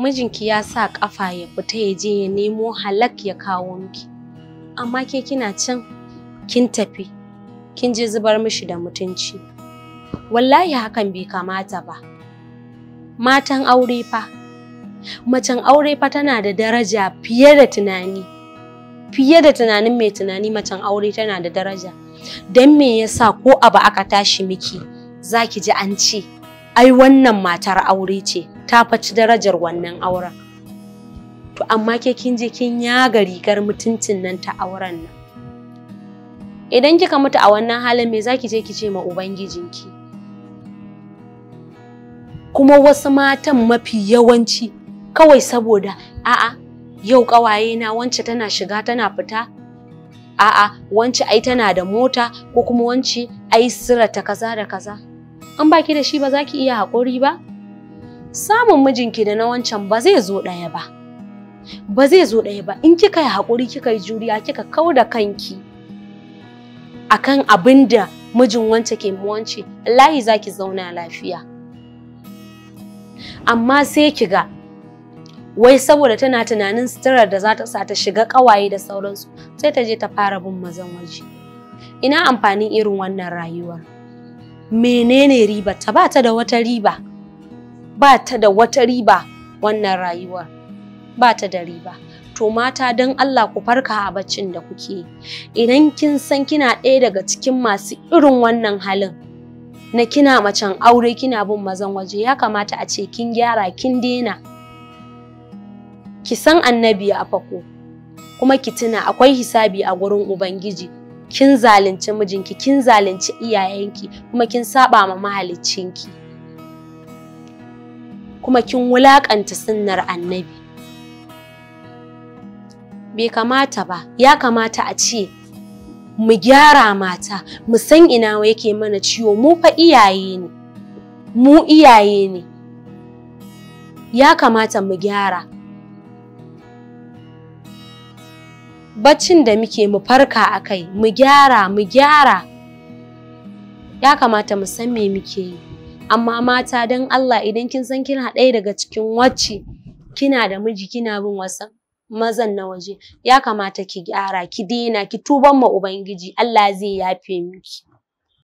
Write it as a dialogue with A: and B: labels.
A: mijinki ya sa ƙafa ya fita ya je ya nemo halak ya kawo miki amma ke kina can kin tafi kin je zubar mishi da mutunci wallahi hakan bai kamata ba matan aure fa macen aure fa tana da daraja fiye da tunani fiye da tunanin mai tunani macen aure tana da daraja don me yasa ko abu aka tashi miki za ki ji an ce ai wannan matar aure ce ta faci darajar wannan auren to amma ke kin je kin yaga rigar mutuncin nan ta auren nan idan kika mutu a wannan halin me zaki je ki ce ma ubangijinki kuma wasu matan mafi yawanci kawai saboda a'a yau ƙawayena na wance tana shiga tana fita a'a wance ai tana da mota ko kuma wance ai sirata kaza da kaza An baki da shi ba za ki iya haƙuri ba samun mijinki da na wancan ba zai zo ɗaya ba. Ba zai zo ɗaya ba in kika yi haƙuri kika yi juriya kika kau da kanki akan abinda mijin wance ke wance layi za ki zauna lafiya. Amma sai ki ga wai saboda tana tunanin suturar da za ta sa ta shiga ƙawaye da sauransu sai ta je ta fara bin mazan waje. Ina amfanin irin wannan rayuwar? Menene riba? Ta ba ta da wata riba. ba ta da wata riba wannan rayuwar ba ta da riba to mata don Allah ku farka a baccin da kuke idan kin san kina ɗaya daga cikin masu irin wannan halin na kina macen aure kina bin mazan waje ya kamata a ce kin gyara kin dena. ki san annabi a fako kuma ki tuna akwai hisabi a gurin ubangiji kin zalunci mijinki kin zalunci iyayenki kuma kin saba ma mahaliccinki kuma kin wulakanta sunnar annabi bai kamata ba ya kamata a ce mu gyara mata mu san ina yake mana ciwo mu fa iyaye ne mu iyaye ne ya kamata mu gyara baccin da muke mu farka akai mu gyara mu gyara ya kamata mu san me muke yi amma mata don Allah idan kin san kina ɗaya daga cikin wacce kina da miji kina bin wasan mazan na waje ya kamata ki gyara ki daina ki tuban ma ubangiji Allah zai yafe miki